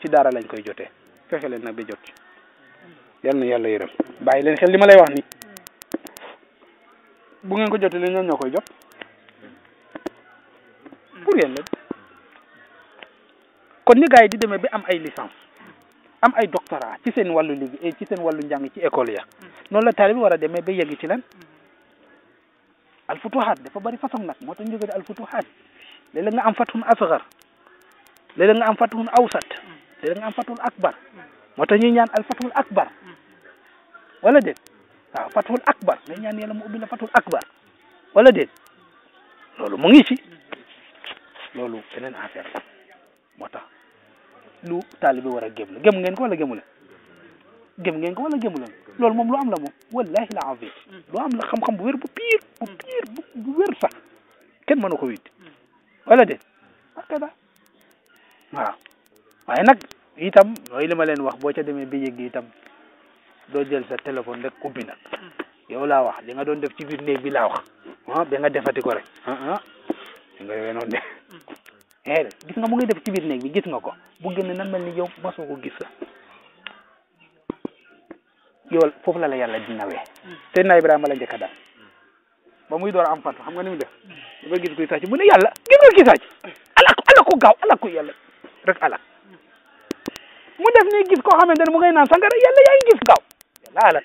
ci daara lañ koy jote fexe leen na bi jot yal na yàlla yërëm bàyyi leen xel li ma lay wax ni bu ngeen ko jot li ñoom ñoo koy jot pour yéen kon ni gars yi di demee ba am ay licence am ay doctorat ci seen wàllu liggéey eh, ci seen wàllu njàng ci école ya noonu la taalibe war a demee ba yegg ci lan alfutuhaat dafa bari façon nag moo tax ñu jógee alfutuhaat léeg-léeg nga am fatun asgar léeg nga am fatun awsat léeg nga am fatun akbar moo tax ñuy ñaan al fatul akbar wala déet waaw fatul akbar ngay ñaan yàlla mu ubbi la akbar wala déet loolu mu ngi ci loolu beneen affaire la moo tax lu taalibe war a gém la gém ngeen ko wala gému leen ngeen ko wala gému leen loolu moom lu am la moom wallahi la azim lu am la xam-xam bu wér bu piir bu piir bu wér sax kenn mënu ko witt wala déet waaw waaye nag itam mooy li ma leen wax boo ca demee ba yëg itam doo jël sa téléphone rek ubbi nag yow laa wax dinga nga doon def ci biir néeg bi laa wax ah ba nga defati ko rek ah ah li nga defee noonu de eh gis nga mu ngi def ci biir bi gis nga ko bu génn nan mel ni yow masoo ko gis la yow foofu la la yàlla di nawee hmm. Seydina Ibrahima la njëkk a daal ba muy door am fatu xam nga def hmm. ba gis kuy sàcc mu gis nga kii sàcc hmm. ala ko ala rek alak mu def gis koo xamante ne mu ngay naan sangara yàlla yaa ngi gis gaaw yàlla alak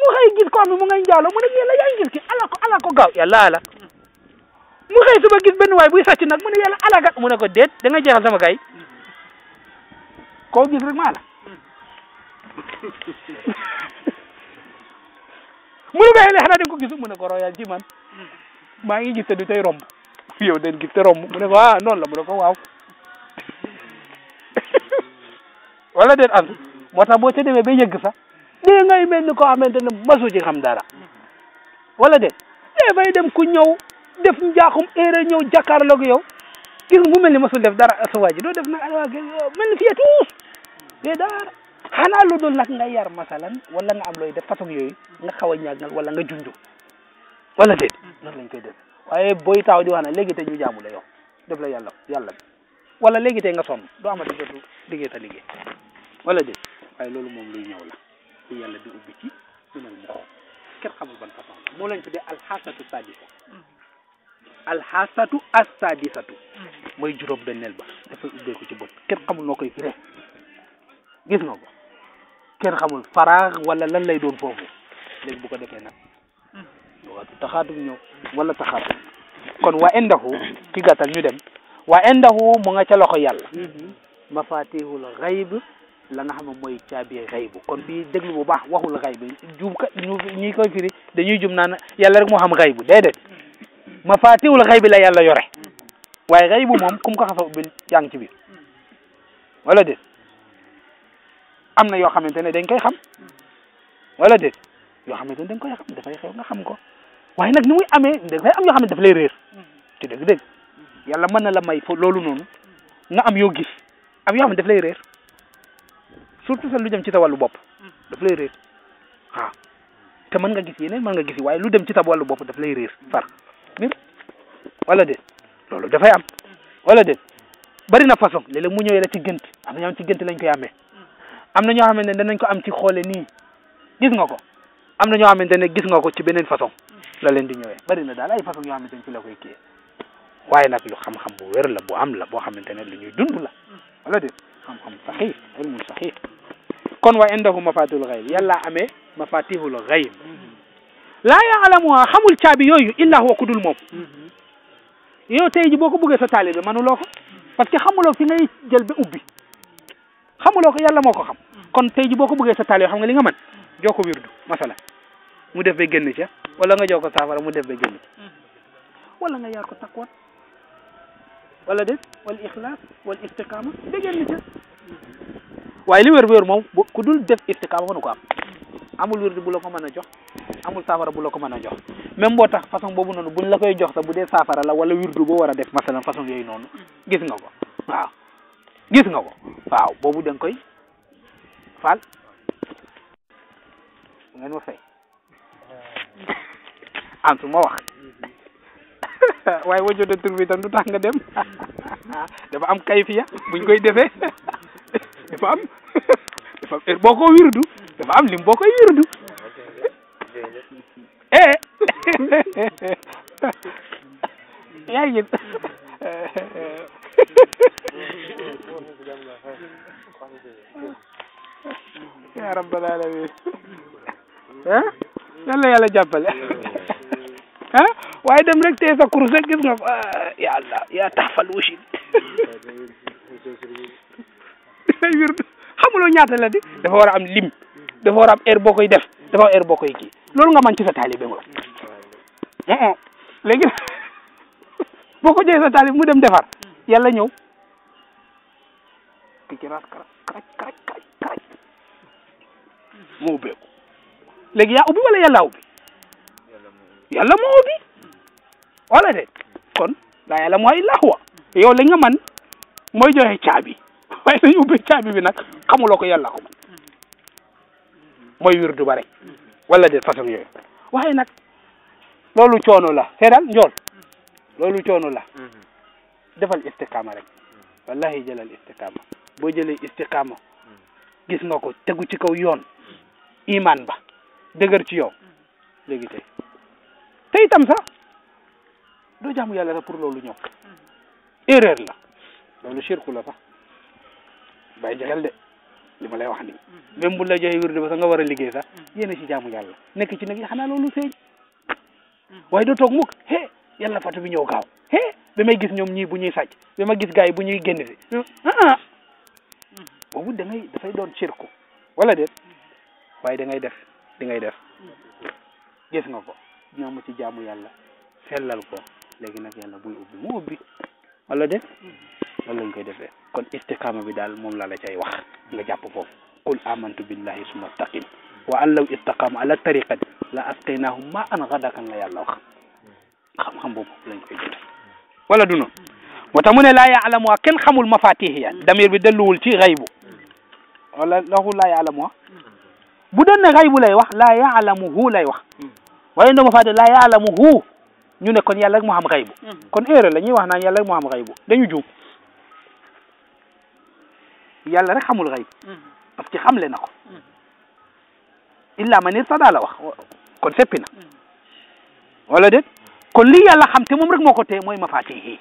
mu gis koo xam ne mu ngay njaalo mu ne ngi gis ki alak ko alak ko gaaw yàlla alak mu gis benn waay buy sàcc nag mu ne yàlla ko déet da nga jeexal sama gay gis rek maa la mu ne bàyyi la ko gis mu ko royal ci man maa ngi gis te du tey romb yow den gis te romb ko ah noonu la mu ko waaw wala déet antu moo tax boo ca demee ba yëgg sax dee ngay mel ni koo xamante ne masu ci xam dara wala déet dee fay dem ku ñëw def njaaxum erreur ñëw jàkkaarloog yow gis mu mel ni masul def dara sa waa ji doo def nag alwaa mel ni fiyee tuus fee dara xanaa lu dul nag nga yar masalan wala nga am looy def façon yooyu nga xaw a ñàggal wala nga junj wala déet noonu lañ koy def waaye booy taaw di wax ne léegi te ñu jaamu la yow def la yàlla yàlla bi wala léegi tey nga sonn doo amati liggéey ta liggéey wala dé waaye loolu moom luy ñëw la lu yàlla di ubbi ci minal mu xoo kenn xamul ban façon la moo mm. mm. xamul noo koy firee gis nga ko kenn xamul faraax wala lan lay doon foofu léegi bu ko defee nag mm. waaw taxaatu ñëw wala taxaatu kon waa indahu ci gàttal ñu dem wa indahu mu nga ca loxo yàlla mhm. mafatihul xayb la nga xam ne mooy caabi xaybu kon bii déglu bu baax waxul xayb juum ka ñu ñi koy firi dañuy jum naan yàlla rek moo xam xaybu déedéet mafatihul xayb la yàlla yore waaye xaybu moom kum ko xasa ubbil yaa ngi ci biir am na yoo xamante ne dañ koy xam wala déet yoo xamante ne dañ koy xam xew nga xam ko waaye nag ni muy amee dafay am yoo xam ne daf réer mm-hmm. ci dëgg-dëgg yàlla mën na la may fo loolu noonu nga am yoo gis am yoo xam daf lay réer surtout sax lu jëm ci sa wàllu bopp daf lay réer waaw te mën nga gis yeneen mën nga gis waaye lu dem ci sa wàllu bopp daf lay réer far mi wala déet loolu dafay am wala déet bari na façon léeg mu ñëwee la ci gënt am na ñoo xam ci gënt lañ koy amee am na ñoo xamante ne danañ ko am ci xoole nii gis nga ko am na ñoo xamante ne gis nga ko ci beneen façon la leen di ñëwee bari na daal ay façon yoo xamante ne ci la koy kiyee waaye nag lu xam-xam bu wér la bu am la boo xamante ne lu ñuy dund la wala déet xam-xam saxiix ilmul saxiix kon wa indahu mafatihul xayb yàlla amee mafatihul xayb laa yaalamuha xamul caabi yooyu illa huwa ku dul moom yoo tey ji boo ko bëggee sa taalibe mënuloo ko parce que xamuloo fi ngay jël ba ubbi xamuloo ko yàlla moo ko xam kon tey ji boo ko bëggee sa taalibe xam nga li nga mën jox ko wirdu masala mu def ba génn ca wala nga jox ko saafara mu def ba génn ca wala wala de wala ixlaas wala istiqaama déggeen ni ca waaye li wér wér moom ku dul def istiqaama mënu ko am amul wér bu la ko mën a jox amul saafara bu la ko mën a jox même boo tax façon boobu noonu buñ la koy jox sax bu dee saafara la wala wirdu boo war a def masalan façon yooyu noonu gis nga ko waaw gis nga ko waaw boobu da koy faal ngeen ma fay am su ma wax waaye wajjo de tur bi tam nga dem dafa am kayfiya buñ koy defee dafa am dafa am boo ko dafa am lim boo koy wirdu eh yaa ngi yaa rabbal alamin ah eh? yàlla yàlla jàppale ah waaye dem rek tey sa kurus rek gis nga ko yàlla ah, yaa taxfal wusin xamuloo ñaata la di dafa war a am lim dafa war a am heure boo koy def dafa am heure boo koy kii loolu nga man ci sa taalibe nga oo léegi boo ko joxee sa taalib mu dem defar yàlla ñëw ki ci raas léegi yaa ubbi wala yàlla ubbi yàlla moo ubbi wala de kon laa yàlla mooy laxwa yow li nga man mooy joxe caabi waaye caabi bi nag xamuloo ko yàlla ko man mooy wirdu ba rek wala de façon yooyu waaye nag loolu coono la seedal njool loolu coono la defal istiqaama rek wallahi jëlal istiqaama boo jële istiqaama gis nga ko tegu ci kaw yoon iman ba dëgër ci yow léegi tey te itam sax doo jaamu yàlla sax pour loolu ñëw erreur la loolu shirku la sax bàyyi jaxel de li ma lay wax nii mm-hmm. même bu la joxee wirde ba sax nga war a liggéey sax mm-hmm. yéena ci jaamu yàlla nekk ci nag yi xanaa loolu feeñ mm-hmm. waaye doo toog mukk he yàlla fatu bi ñëw gaaw he ba may gis ñoom ñii bu ñuy sàcc ba may gis gars yi bu ñuy génn si ah boobu da doon shirku wala déet waaye da ngay def di ngay def ko ñoom ci jaamu yàlla sellal ko léegi nag yàlla buy ubbi mu ubbi wala de loolu lañ koy defee kon istiqaama bi daal moom laa la cay wax nga jàpp foofu qul amantu billahi suma taqim wa an law istaqaamu ala tariqat la asqaynaahum ma an ghadakan la yàlla wax xam-xam boobu lañ koy jëte wala du noonu moo tax mu ne laa yaalamu wa kenn xamul mafatih ya damir bi delluwul ci xaybu wala waxul laa yaalamu wa bu doon ne xaybu lay wax laa yaalamuhu lay wax wa inna mufaade laa yaalamuhu ñu ne kon yàlla rek moo xam xaybu mm. kon erreur la ñuy wax na yàlla rek am xam xaybu dañu juum rek xamul xayb mm. parce que xamle na ko mm. illa man irtada la wax kon seppi wala déet kon li yàlla xam te moom rek moo ko tee mooy mafaatihi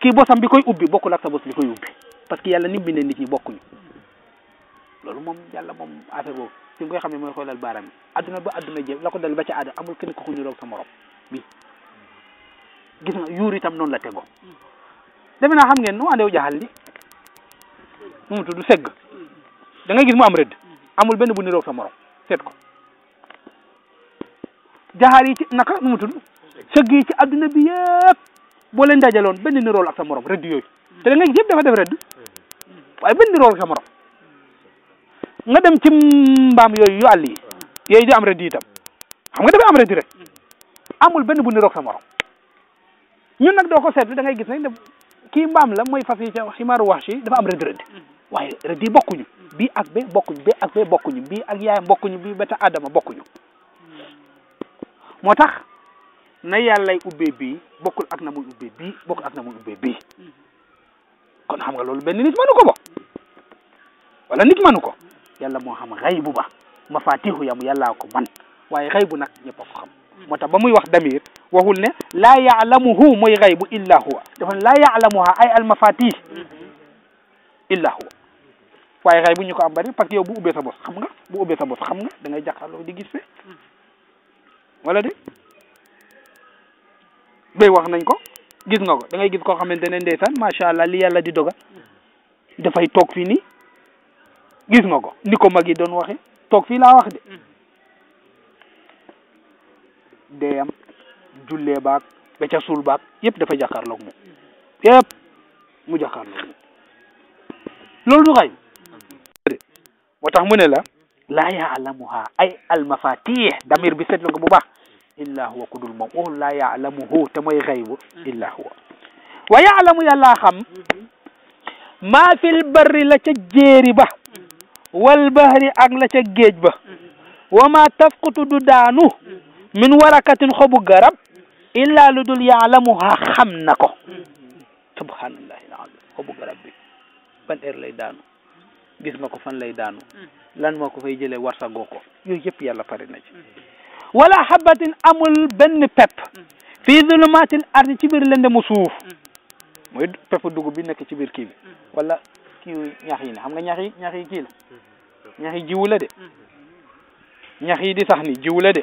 kii bosam bi koy ubbi bokkul ak sa bos bi koy ubbi parce que yàlla ni mu bindee nit ñi bokkuñu loolu moom yàlla moom bi xam ne mooy xoolal baaraam yi adduna ba adduna jéem la ko dal ba ca aada amul kenn ko ku niroog sa morom bi gis nga yuur itam noonu la tego defe naa xam ngeen nu andew jaxal li nu mu tudd segg da gis mu am rëdd amul benn bu niroog sa morom seet ko jaxaar yi ci naka nu mu tudd segg yi ci adduna bi yëpp boo leen dajaloon benn nirool ak sa morom rëdd yooyu te da gis yëpp dafa def rëdd waaye benn nirool sa morom nga dem ci mbaam yooyu yu àll yi yooyu di am ren di itam xam nga am ren di rek amul benn bu niroog sa morom ñun nag doo ko seetlu da ngay gis nag ne kii mbam la mooy fas yi ca ximaaru wax si dafa am rëdd rëdd waaye rëdd yi bii ak bee bokkuñu bee ak bee bokkuñu bii ak yaayam bokkuñu bii ba ta adama bokkuñu moo tax na yàllay ubbee bii bokkul ak na muy ubbee bii ak na muy ubbee bii kon xam nga loolu benn nit mënu ko ba wala nit mënu ko yàlla moo xam xaybu ba mafaatihu yam yàllaa ko man waaye xaybu nag ñëpp a ko xam moo tax ba muy wax damir waxul ne laa yaalamuhu mooy xaybu illa huwa dafa ne laa yaalamuha ay al mafatih illa huwa waaye xaybu ñu ko am bari parce bu ubbee sa xam nga bu ubbee sa xam nga da ngay jàkkaarloo di gis fe wala de wax nañ ko gis nga ko da gis koo xamante ne ndeysaan macha allah li yàlla di doga dafay toog fii nii gis nga ko ni ko mag i doon waxe toog fii laa wax de deyam jullee baag ba ca suul baag yëpp dafa jàkkaarloog moom yëpp mu jàkkaarloog moom loolu du xay moo tax mu ne la laa yaalamuha ay almafatih damir bi seetlu bu baax illa huwa ku dul moom waxul laa yaalamuhu te mooy xaybu illa huwa wa yaalamu yàllaa xam mhm. maa fil barri la ca jéeri ba wal bahri ak la ca géej ba wa ma tafqutu du daanu min warakatin xobu garab illa lu dul yaalamuha xam na ko subhanallahi alazim xobu garab bi ban heure lay daanu gis nga ko fan lay daanu lan moo ko fay jëlee warsagoo ko yooyu yëpp yàlla pare na ci wala habatin amul benn pepp fii zulumatil ardi ci biir lëndëmu suuf mooy dugub bi nekk ci biir kii bi wala kiiwu ñax yi ne xam nga ñax yi ñax yi kii la ñax yi jiwu de ñax yi di sax ni jiwu la de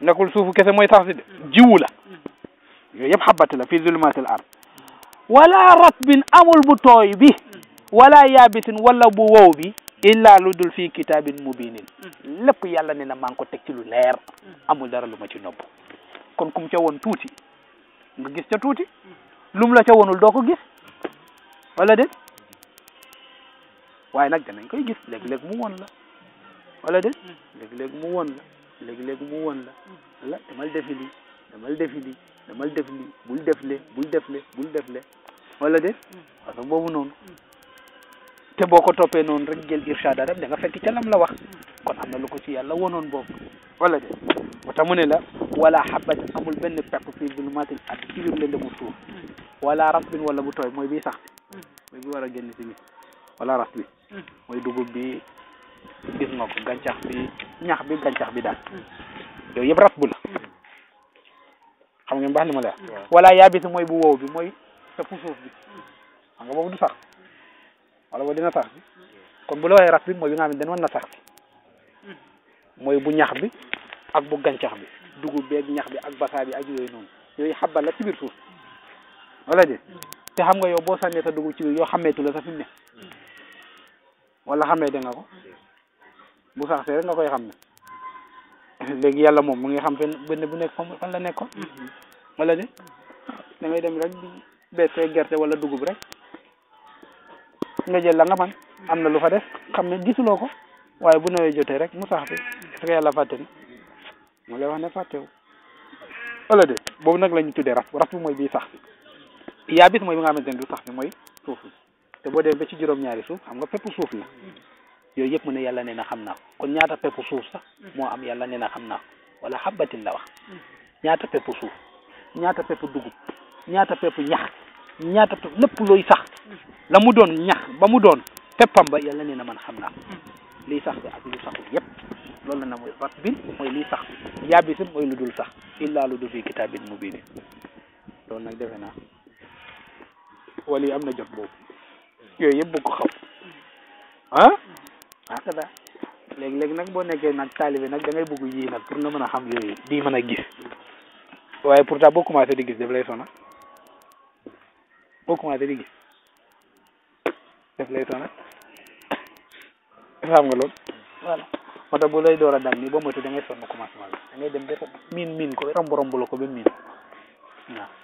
nekkul suufu kese mooy sax si de jiwu la yooyu yëpp xabat la fi zulumatil ard wala ratbin amul bu tooy bi wala yaabitin wala bu wow bi illa lu dul fii kitaabin mubinin lépp yàlla ne na maa ngi ko teg ci lu leer amul dara lu ma ci nopp kon kum ca woon tuuti nga gis ca tuuti lum la ca wonul doo ko gis wala déet waaye nag danañ koy gis léeg-léeg mu woon la walla de mm. léeg-léeg mu woon la léeg-léeg mu woon la la damal defi lii damal defi lii damal def lii bul def le bul def le bul le wala de mm. façon boobu noonu mm. te boo ko toppee noonu rek jël irshadatam da nga fekk ca lam la wax kon am na lu ko ci yàlla wonoon boobu wala de moo tax mu ne la wala xabat amul benn pepp fii zulumaatil ard ci biir lëndëmu suuf wala rasbin wala bu tooy mooy bii sax mooy bi war a genn si bi wala bi mooy dugub bi gis nga ko gàncax bi ñax bi gàncax bi daal yooyu yëpp raf bu la xam ngeen baax li ma la wala yaabisi mooy bu wow bi mooy sëpp suuf bi xam nga boobu du sax wala boobu dina sax bi kon bu la waxee raf bi mooy bi nga xam ne na sax bi mooy bu ñax bi ak bu gàncax bi dugub bi ak ñax bi ak basaa bi ak yooyu noonu yooyu xabal la ci suuf wala de te xam nga yow boo sànnee sa dugub ci biir yoo xameetu la sa fi mu ne wala xamee da nga ko bu saxsee rek nga koy xam ne léegi yàlla moom mu ngi xam fenn benn bu nekk fan fan la nekkoon mm-hmm. wala de da ngay dem rek beesee gerte wala dugub rek nga jël la nga man am na lu fa def xam ne gisuloo ko waaye bu nawee jotee rek mu sax fi parce que yàlla fàtte na mu lay wax ne fàttewu wala de boobu nag la ñu tuddee raf raf bi mooy bii sax yaabis mooy bi nga xamante ne du sax bi mooy suuf te boo demee ba ci juróom-ñaari suuf xam nga pepp suuf la yooyu yëpp mu ne yàlla nee na xam naa ko kon ñaata pepp suuf sax moo am yàlla nee na xam naa ko wala xabbatin la wax ñaata pepp suuf ñaata pepp dugub ñaata pepp ñax ñaata pepp lépp looy sax la mu doon ñax ba mu doon peppam ba yàlla nee na man xam naa liy sax bi ak lu saxul yëpp loolu la na mooy rab bi mooy liy sax yaabisim mooy lu dul sax illaa lu du fi kitaabin mubiin loolu nag defe naa na jot yooyu yëpp bëgg ko xam ah waaka da léegi-léegi nag boo nekkee nag taalibe nag da ngay bëgg yii nag pour nga mën a xam yooyu di mën a gis waaye pourtant boo commencé di gis daf lay sona boo commencé di gis daf lay sona xam nga loolu voilà moo tax bu lay door a dal nii boo moytu da ngay sonn commencement bi da ngay dem ba miin miin ko romb romb la ko ba